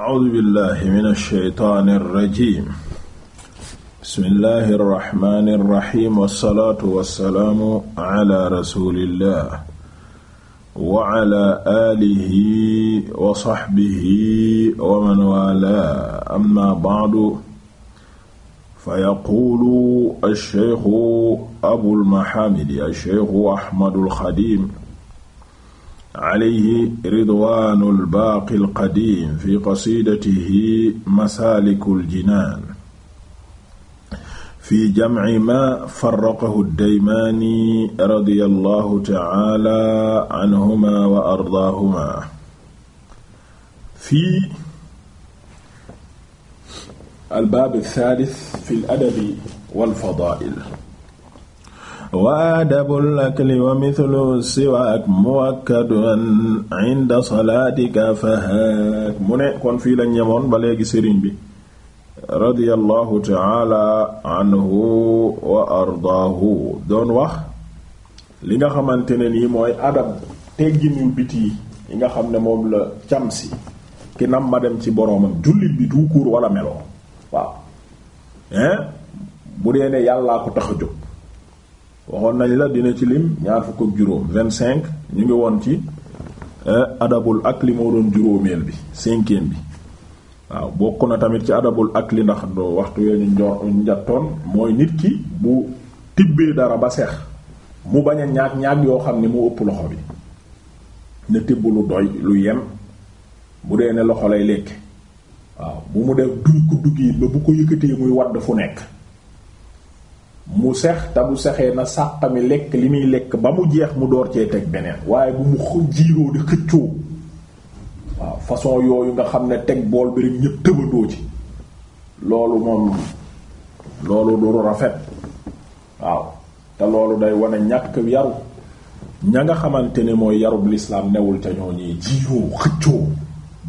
a'uuzu billahi mina shaytaani rajiim bismillahi rahmaani rahiim wassalaatu wassalaamu ala rasuulillah wa ala aalihi wa saxbihi wa man waalaa amma ba'du fayaquulu ash-shaykhu abul mahaamidi ash-shaykhu ahmadul xadiim alayhi ridwaanu albaaqi alqadiim fi qasiidatihi masaaliku aljinaan fi jamci maa farraqahu addaymaani radiyallahu taala anhumaa wa ardaahumaa fi albaab althaalith fi aladabi walfadaa'il wa adabul akli wa mithlu siwaak muwakkadun inda salaatika mu ne kon fii lañ ñemoon ba léegi sëriñ bi radiyallahu taala anhu wa ardaahu doon wax li nga xamante ne nii mooy adab tegginu biti yi nga xam ne moom la cam si ki nam ma dem ci boroomam jullit bi duukuur wala meloo waaw hein bu dee ne yàllaa ko tax a jóg waxoon nañ la dina ci lim ñaar fukk ak juróom vingt-cinq ñu ngi woon ci eh, adabul akli moo doon juróomeel bi cinquième bi waaw bokk na tamit ci adabul akli ndax waxtu wee ñu njor njattoon mooy nit ki bu tibbee dara ba seex mu bañ a ñaag ñaag yoo xam ne mu ëpp loxo bi ne tibb lu doy lu yem bu dee ne loxo lay lekk waaw bu mu def duy ko dugg yi ba bu ko yëkkatee muy wadd fu nekk mu sex te bu sexee na mi lekk li muy lekk ba mu jeex mu door cee teg beneen waaye bu mu jiiroo di xëccoo waaw façon yooyu nga xam ne teg bool bi rek ñépp tëbandoo ci loolu moom loolu du rafet waaw te loolu day wane ñàkk yaru ña nga xamante ne mooy yarub lislaam newul ca ñoo ñi jiiroo xëccoo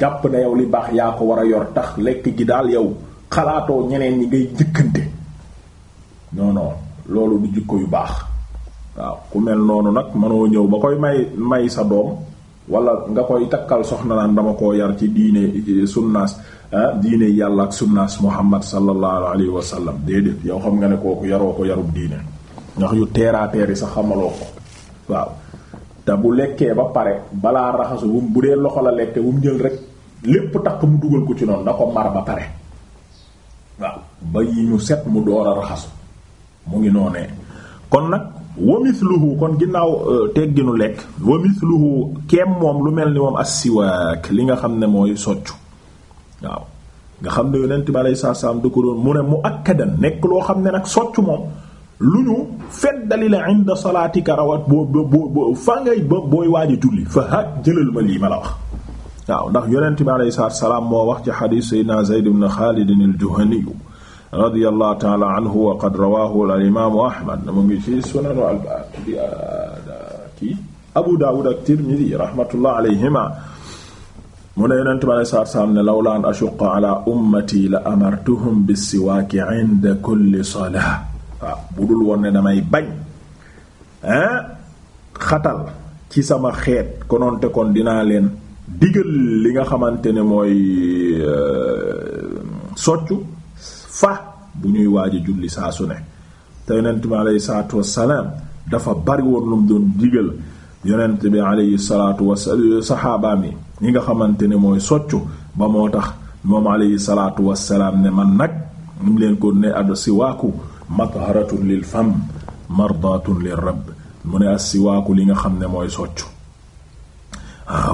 jàpp na yow li baax yaa ko war a yor tax lekk gi daal yow xalaatoo ñeneen ñi ngay njëkkante non non loolu du jikko yu baax waaw ku mel noonu nag mënoo ñëw ba koy may may sa doom wala nga koy takkal soxna naan dama koo yar ci diine sunnaas ah, diine yàlla ak sunnaas muhammad sallallahu alayhi wa sallam déedéet yow xam nga ne kooku yaroo ko yarub diine ndax yu teeraateer yi sax xamaloo ko waaw te bu lekkee ba pare balaa raxasu bu bu dee loxo la lekkee bu mu jël rek lépp takk mu dugal ko ci noonu na ko mar ba pare waaw ba yi ñu set mu door a raxasu mu ngi noonee kon nag wa kon ginnaaw euh, tegginu lekk wa mithluhu moom lu mel ni moom as-siwaak li nga xam ne mooy soccu waaw nga xam ne yonent bi alayhi salaam du ko doon mu ne mu akkadan nekk loo xam ne nag soccu moom lu ñu feddali la inda salaatika rawat boo boo fa ngay ba booy waaj a julli fa ha jëlal ma lii ma la wax waaw ndax yonent bi alayhi salaam moo wax ci xadiis sayyidina Zayd ibn Xaalid al radiyallahu taala anhu wa qad rawahu al imaamu ahmad mu ngi ci sunanu al bi kii abu daawud ak tirmidi rahmatullah alayhima mu ne yonent bi alei satu salaam ne lawla an ashuqqa ala ummati la amartuhum bis-siwaak 'inda kulli salaa waaw bu dul woon ne damay bañ xatal ci sama xeet konoonte kon dinaa leen digal li nga xamante ne mooy euh, soccu fa bu ñuy waaj a julli saa su ne te yonent bi aleyhi salaatu wassalaam dafa bari woon lu mu doon digal yonent bi aleyhi salaatu wassalaam saxaabaam yi ñi nga xamante ne mooy soccu ba moo tax moom aleyhi salaatu wassalaam ne man nag mu leen ko ne ad siwaaku matharatun lil fam mardatun lir rabb mu ne as siwaaku li nga xam ne mooy soccu ah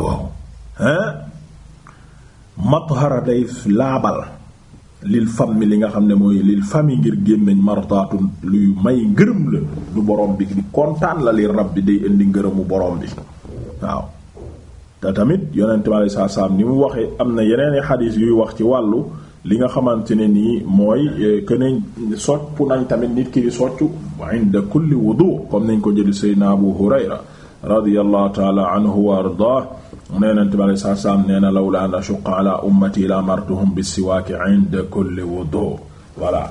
laabal lil fam mi li nga xam ne mooy lil fami ngir gémmiñ martaatu luy may ngërëm la du borom bi kontaan la li rab bi day indi ngërëmu borom bi waaw te tamit yonente mi alei saatu ni mu waxee am na yeneeni xadiis yuy wax ci wàllu li nga xamante ne nii mooy eh, que ne soccu nañ tamit nit ki di soccu inda kulli wudu comme nañ ko jëli seydna abu hurayra radiyallahu taala anhu wa ardah mu ne yonent bi alayhi salaatu salaam nee na lawlaa an ashuqqa alaa ummati la amartuhum bis-siwaak 'inda kulli wudu voilà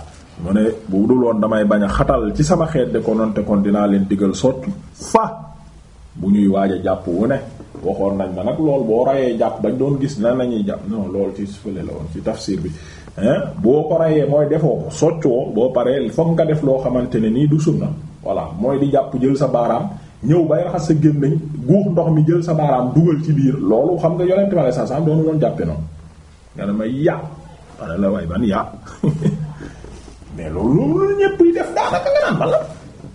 mu ne bu dul woon damay bañ a xatal ci sama xeet de kononte kon dinaa leen digal sotti fa bu ñuy waaj jàpp wu ne waxoon nañ ma nag lool boo rayee jàpp bañ doon gis na nañuy jàpp non lool ci fële la woon ci tafsir bi boo ko rayee mooy defoo ko soccoo boo paree fokk nga def loo xamante ne nii du sunna voilà mooy di jàpp jël sa baaraam ñëw bay raxas sa gémmiñ guux ndox mi jël sa baaraam dugal ci biir loolu xam nga yonent ma sa sam doonu doon jàppe noonu nga ne ma ya ma la way ban mais loolu loolu ñépp yi def la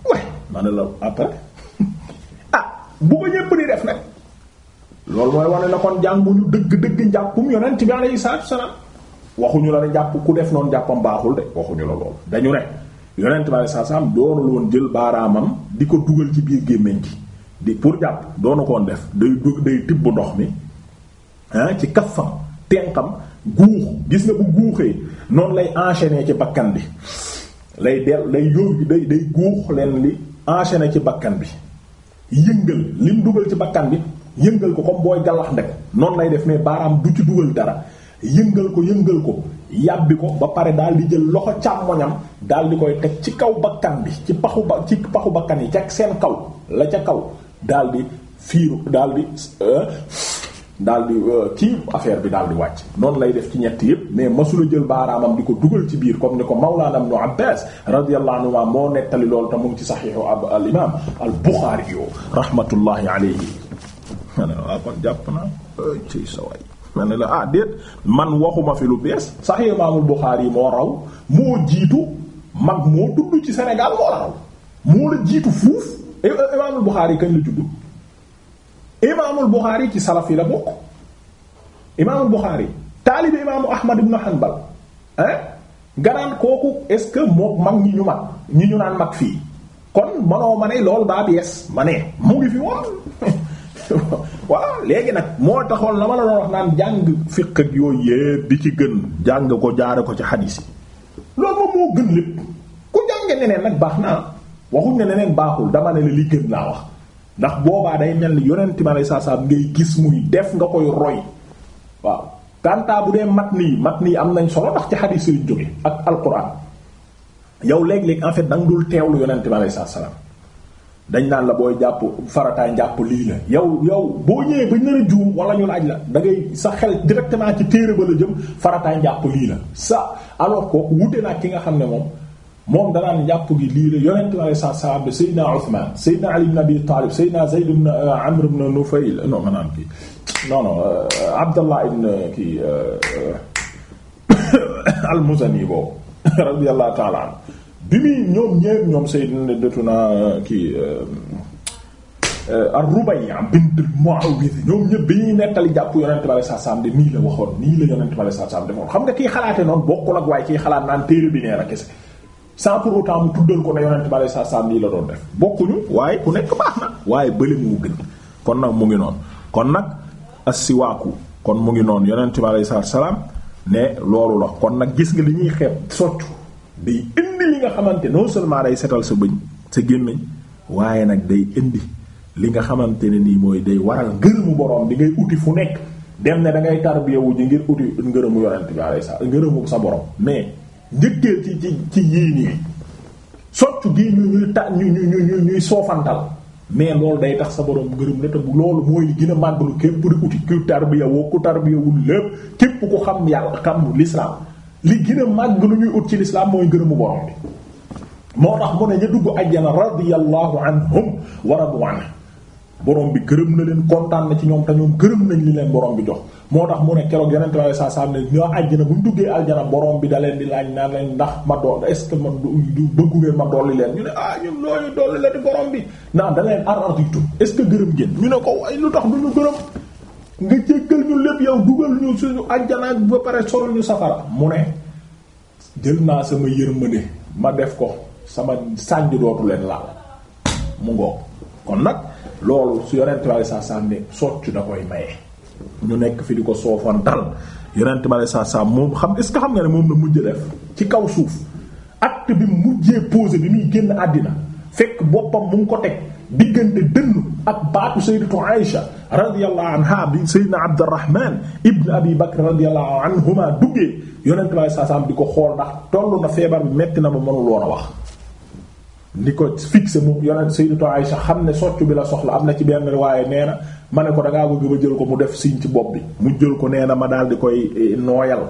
way ma ne la après ah bu ko ñépp di def nag loolu mooy wane na kon ñu dëgg-dëgg njàppum yonent bi alayhi salaatu wa salaam waxuñu la ne jàpp ku def noonu jàppam baaxul de waxuñu la loolu dañu ne yonent bi saa saam doonul woon jël baaraamam di ko dugal ci biir gémmiñ gi di pour jàpp doonu koon def day dug day tibb ndox mi ah ci kaffam tenqam guux gis nga bu guuxee noonu lay enchaîner ci bakkan bi lay dell lay yóor bi day guux leen li enchaîner ci bakkan bi yëngal mu dugal ci bakkan bi yëngal ko comme booy galax ndek noonu lay def mais baaraam du ci dugal dara yëngal ko yëngal ko yàbbi ko ba pare daal di jël loxo càmmoñam daal di koy teg ci kaw bakkan bi ci paxu paxu bakkan yi ca seen kaw la ca kaw daal di fiiru daal di euh, daal di euh, kii affaire bi daal di wàcc noonu lay def ci ñett yëpp mais masula jël baaraamam di ko dugal ci biir comme ni ko Mawlaana Ibnu Abbaas radiyallahu anhuma moo nettali loolu te mu ngi ci saxiixu al imaam al Buxaari yoo rahmatullahi alayhi. waaw kon jàpp naa ci sa waay ma ne la ah déet man waxuma fi lu bees Sahih Imaamul Buxaari moo raw moo jiitu mag moo tudd ci Sénégal moo raw moo la jiitu fuuf Imaamul Buxaari kañ la juddu Imaamul Buxaari ci salaf yi la bokk Imaamul Buxaari taalibi Imaamu Ahmad ibn Hanbal ah ganaan kooku est-ce que moo mag ñi ñu mag ñi ñu naan mag fii kon manoo ma ne loolu daa bees ma ne mu ngi fi woon waaw léegi nag moo taxoon la ma la doon wax naan jàng fiq ak yooyu yépp di ci gën jàng ko jaare ko ci xadiis yi loolu moom moo gën lépp ku jànge neneen nag baax naa waxuñ ne neneen baaxul dama ne la li gën laa wax ndax boobaa day mel ni yonent ma lay saa saa ngay gis muy def nga koy roy waaw kantaa bu dee mat nii mat nii am nañ solo ndax ci xadiis yi jóge ak alquran yow léeg-léeg en fait danga dul teewlu yonent ma lay saa salaam dañ naan la booy jàpp farataay njàpp lii la yow yow boo ñëwee bañ nar a juum wala ñu laaj la da sa xel directement ci téere ba la jëm farataay njàpp lii la sa alors kooku wute naa ki nga xam ne moom moom danaan njàpp gi lii la yonent bi sa sahaaba Seydina Usmaan Seydina Ali ibn Abi Taalib Seydina Zayd ibn euh, Amr ibn Nufayl non maanaam kii non non euh, Abdallah ibn euh, kii al-Muzani boobu radiyallahu ta'ala anhu bi muy ñoom ñëpp ñoom Seydina detuna euh, kii euh, euh, ar-Rubayya bint Mu'awidh bi ñuy nettali jàpp yonent bi saa saam de nii la waxoon nii la yonent bi saa saam moom xam nga kii xalaate noonu bokkul ak waaye kii xalaat naan téere bi nee na kese sans pour autant mu tuddal ko ne yonent bi saa saam la doon def bokkuñu waaye ku nekk baax na waaye bële mu gën kon nag mu ngi noon kon nag as-siwaaku kon mu ngi noonu yonent bi saa saam ne loolu la kon nag gis nga li ñuy xeeb soccu bi indi li nga xamante non seulement day setal sa bëñ sa gémmiñ waaye nag day indi li nga xamante ne nii mooy day waral ngërëmu borom di ngay uti fu nekk dem ne da ngay tarbiyawu ji ngir uti ngërëmu yonent bi alayhi salaam ngërëmu sa borom mais njëkkee ci ci ci yii nii soccu gi ñu ñuy ta ñu soofantal mais loolu day tax sa borom ngërëm la te loolu mooy li gën a màgg lu képp di uti ku tarbiyawu ku tarbiyawul lépp képp ku xam yàlla xam l'islam li gën a màgg lu ñuy ut ci lislaam mooy ngërëmu borom bi moo tax mu ne ña dugg ajjana radiyallahu anhum wa radu anhu borom bi gërëm na leen kontaan na ci ñoom te ñoom gërëm nañ li leen borom bi jox moo tax mu ne keroog yonente bi saa saa ne ñoo àjjana bu ñu duggee aljana borom bi da leen di laaj naan leen ndax ma dool est ce que man du bëggu ngeen ma dolli leen ñu ne ah ñun loolu dolli la di borom bi naan da leen ar arditu est ce que gërëm ngeen ñu ne ko way lu tax du ñu gërëm nga jéggal ñu lépp yow dugal ñu suñu ajjanaak ba pare sori ñu safara mu ne jël naa sama yërmande ma def ko sama sànj dootu leen laal mu ngoog kon nag loolu su yonent bi saa saa ne soccu da koy maye ñu nekk fi di ko soofantal yonent bi saa saa moom xam est-ce que xam nga ne moom la mujj def ci kaw suuf acte bi mu mujjee pose bi muy génn àddina fekk boppam mu ngi ko teg diggante dënnu ak baatu sayyidatu Aïsha radiyallahu anha bi sayyidina Abdurrahman ibn Abi Bakr radiyallahu anhuma duggee yonent bi saa saam di ko xool ndax toll na feebar bi metti na ba mënul woon a wax. di ko fixé mu yonent sayyidatu Aïsha xam ne soccu bi la soxla am na ci benn riwaaye nee na ma ne ko da ngaa bëgg ba jël ko mu def siñ ci bopp bi mu jël ko nee na ma daal di koy eh, nooyal.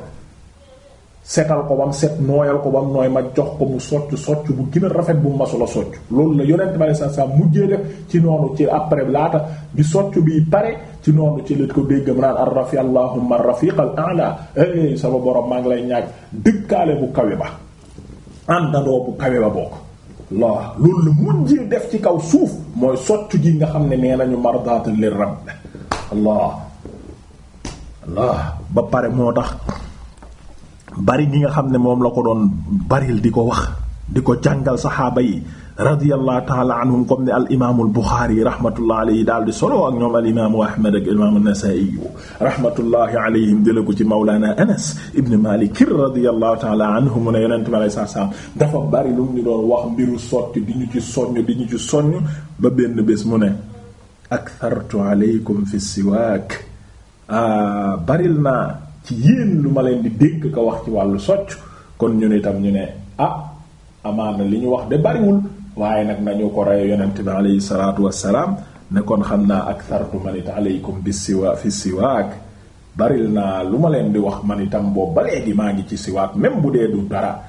setal ko ba mu set nooyal ko ba mu nooy ma jox ko mu socc socc bu gën a rafet bu mu masula socc loolu la yonent bi sa sa mujjee def ci noonu ci après laata bi socc bii pare ci noonu ci la ko déggam naan ar rafi allahumma rafiq al eh, sama borom maa ngi lay ñaaj dëkkaale bu kawe ba àndandoo bu kawe bokk la loolu la mujjee def ci kaw suuf mooy socc ji nga xam ne nee nañu mardaatu lir rabb allah allah ba pare moo tax bari gi nga xam ne moom la ko doon baril di ko wax di ko jàngal saxaaba yi radiyallahu taala anhum comme ni al imaamul Buxaari rahmatullahi alayhi daal di solo ak ñoom al imaamu Ahmad ak imaamu Nasaa'i rahmatullahi alayhim di la ko ci Mawlana Anas ibn Maalik radiyallahu taala anhu mu ne yonent bi alayhi salaam dafa bari lu ñu doon wax mbiru sotti di ñu ci soññ di ñu ci soññ ba benn bés mu ne akthartu alaykum fi siwaak ah, baril naa ci yéen lu ma leen di dégg ko wax ci wàllu socc kon ñu itam ñu ne ah na li ñu wax de bariwul waaye nag nañu ko rey yonent bi aleyhi salaatu wassalaam ne kon xam naa ak sartu man it aleykum bi siwa fi siwaak baril naa lu ma leen di wax man itam boobu ba léegi maa ngi ci siwaak même bu dee du dara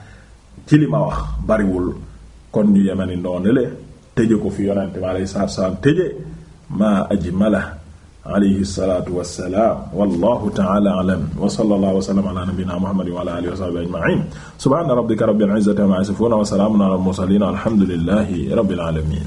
ci li ma wax bariwul kon ñu yemeni noonu le tëje ko fi yonent bi aleyhi salaatu wassalaam tëje maa ajmala alayhi salaatu wa salaam wallaahu ta'aala a'lam wa sallallaahu wa sallama alaa nabiyyinaa muhammadin wa alaa aalihi wa sahbihi ajma'iin subhaana rabbika rabbil izzati ammaa yasifuun wa salaamun alal mursaliin walhamdulillaahi rabbil aalamiin